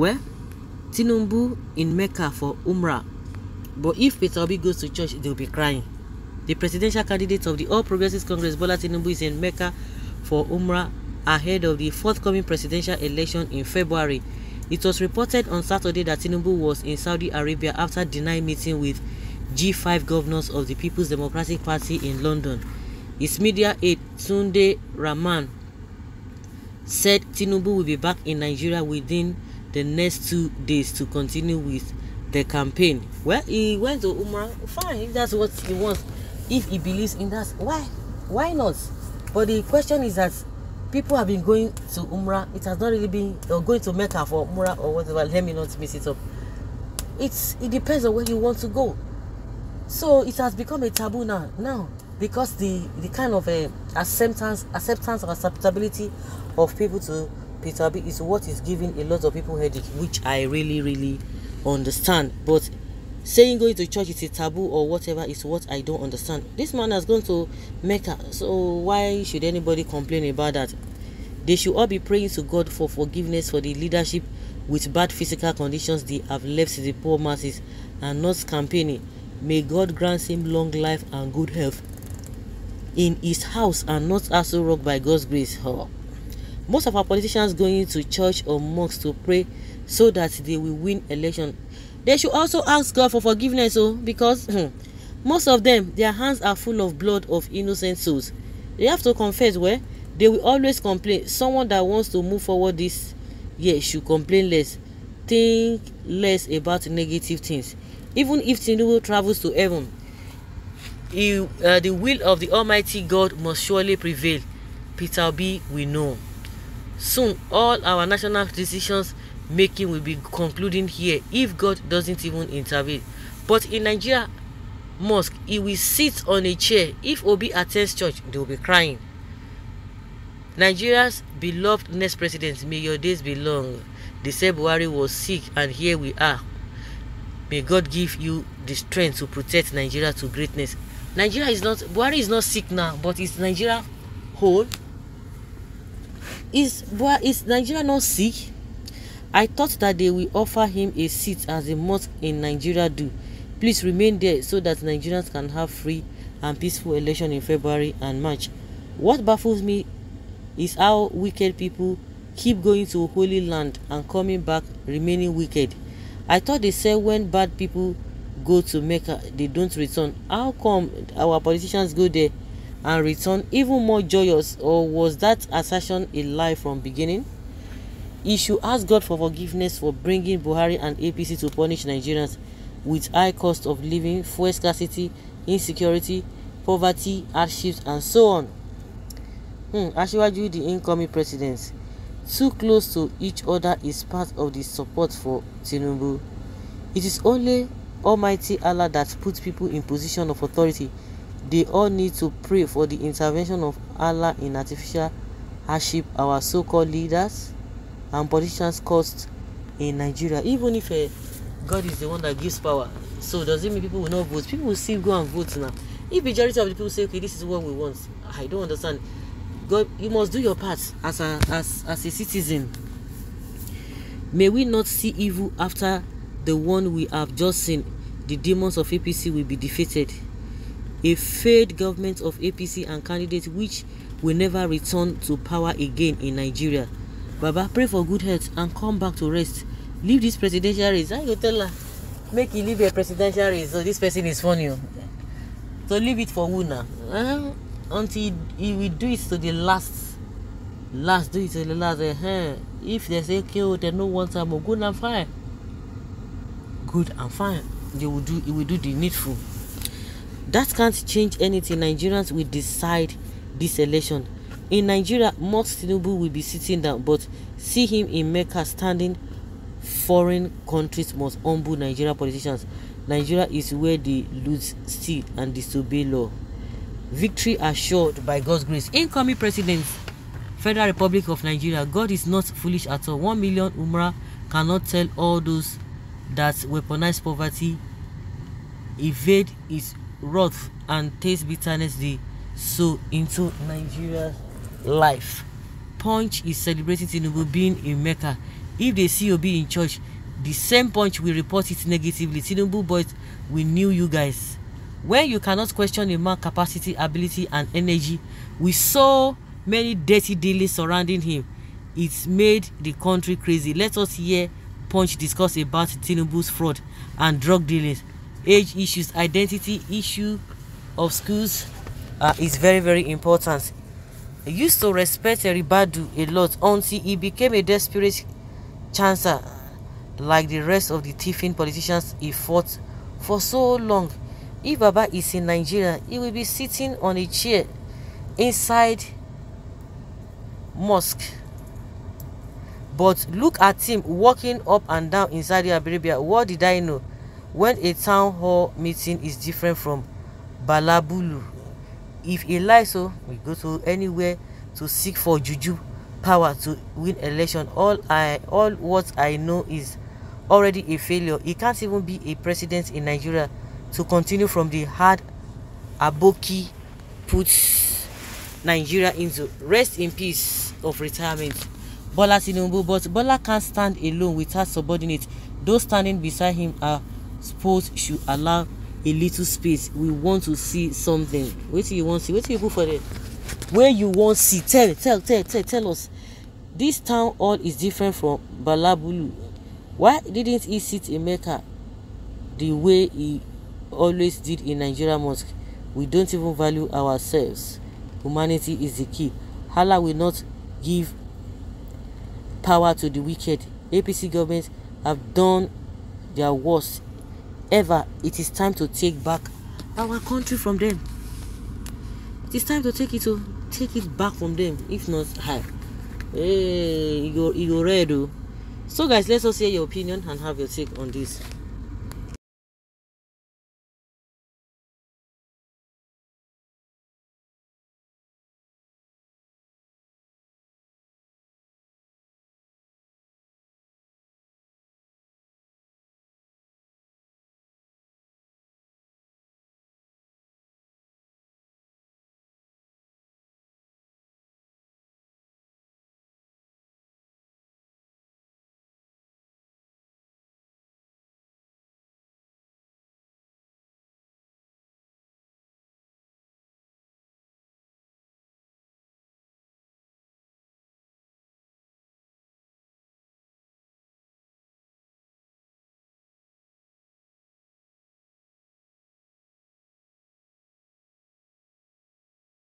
Well, Tinubu in Mecca for Umrah. But if Peter Obi goes to church, they will be crying. The presidential candidate of the All Progressives Congress, Bola Tinubu, is in Mecca for Umrah ahead of the forthcoming presidential election in February. It was reported on Saturday that Tinubu was in Saudi Arabia after denying meeting with G5 governors of the People's Democratic Party in London. His media aide Tunde Rahman said Tinubu will be back in Nigeria within the next two days to continue with the campaign. Well, he went to Umrah. Fine, if that's what he wants, if he believes in that, why, why not? But the question is that people have been going to Umrah. It has not really been or going to Mecca for Umrah or whatever. Let me not mess it up. It's it depends on where you want to go. So it has become a taboo now. Now because the the kind of uh, acceptance acceptance or acceptability of people to Peter B is what is giving a lot of people headache, which I really, really understand. But saying going to church is a taboo or whatever is what I don't understand. This man has gone to Mecca, so why should anybody complain about that? They should all be praying to God for forgiveness for the leadership with bad physical conditions they have left the poor masses and not campaigning. May God grant him long life and good health in his house and not also rocked by God's grace. Oh. Most of our politicians going to church or mosque to pray so that they will win election. They should also ask God for forgiveness oh, because hmm, most of them, their hands are full of blood of innocent souls. They have to confess where well, they will always complain. Someone that wants to move forward this year should complain less. Think less about negative things. Even if Tinubu travels to heaven, he, uh, the will of the Almighty God must surely prevail. Peter B. We know. Soon, all our national decisions making will be concluding here if God doesn't even intervene. But in Nigeria mosque, he will sit on a chair. If Obi attends church, they will be crying. Nigeria's beloved next president, may your days be long. They said Buhari was sick and here we are. May God give you the strength to protect Nigeria to greatness. Nigeria is not, Buhari is not sick now, but it's Nigeria whole Is, is Nigeria not sick? I thought that they will offer him a seat as they mosque in Nigeria do. Please remain there so that Nigerians can have free and peaceful election in February and March. What baffles me is how wicked people keep going to Holy Land and coming back remaining wicked. I thought they said when bad people go to Mecca, they don't return. How come our politicians go there and return even more joyous or was that assertion a lie from beginning he should ask god for forgiveness for bringing buhari and apc to punish nigerians with high cost of living fuel scarcity insecurity poverty hardships and so on hmm, asiwaju the incoming president too close to each other is part of the support for tinubu it is only almighty allah that puts people in position of authority They all need to pray for the intervention of Allah in artificial hardship our so-called leaders and politicians caused in Nigeria. Even if uh, God is the one that gives power, so does it mean people will not vote? People will still go and vote now. If majority of the people say, okay, this is what we want, I don't understand. God, you must do your part as a as as a citizen. May we not see evil after the one we have just seen. The demons of APC will be defeated a failed government of APC and candidates which will never return to power again in Nigeria. Baba, pray for good health and come back to rest. Leave this presidential race. I go tell her, make you leave your presidential race. So oh, this person is funny. Oh. So leave it for who now? Uh, until he, will do it to the last. Last, do it to the last. Uh, if they say, okay, oh, they no want time, oh, good and fine. Good and fine. They will do, he will do the needful. That can't change anything. Nigerians will decide this election. In Nigeria, Most Tinubu will be sitting down, but see him in Mecca standing. Foreign countries must humble Nigeria politicians. Nigeria is where they lose seat and disobey law. Victory assured by God's grace. Incoming president, Federal Republic of Nigeria. God is not foolish at all. One million Umrah cannot tell all those that weaponize poverty, evade his rot and taste bitterness dey sow into nigeria's life punch is celebrating tinubu being in Mecca. if they see obi in church the same punch will report it negatively tinubu boys we knew you guys when you cannot question a man capacity ability and energy with so many dirty dealings surrounding him it made the country crazy let us hear punch discuss about tinubu's fraud and drug dealings age issues identity issue of schools uh, is very very important I used to respect Eribadu a lot until he became a desperate chancer like the rest of the thieving politicians he fought for so long if Baba is in Nigeria he will be sitting on a chair inside mosque but look at him walking up and down inside Saudi Arabia what did I know When a town hall meeting is different from balabulu, if he a Laiso we go to anywhere to seek for juju power to win election, all I all what I know is already a failure. He can't even be a president in Nigeria to continue from the hard Aboki puts Nigeria into. Rest in peace of retirement. Bola Tinubu, but Bola can't stand alone without subordinates. Those standing beside him are sports should allow a little space we want to see something wetin you wan see wetin you put for there where you wan see tell tell tell tell tell us this town hall is different from balabulu why didn't he sit in mecca the way he always did in nigeria mosque we don't even value ourselves humanity is the key allah will not give power to the wicked apc government have done their worst Ever, it is time to take back our country from them. It is time to take it to take it back from them. If not, hi. Hey, eh, you go red. Oh. So guys, let us hear your opinion and have your take on this.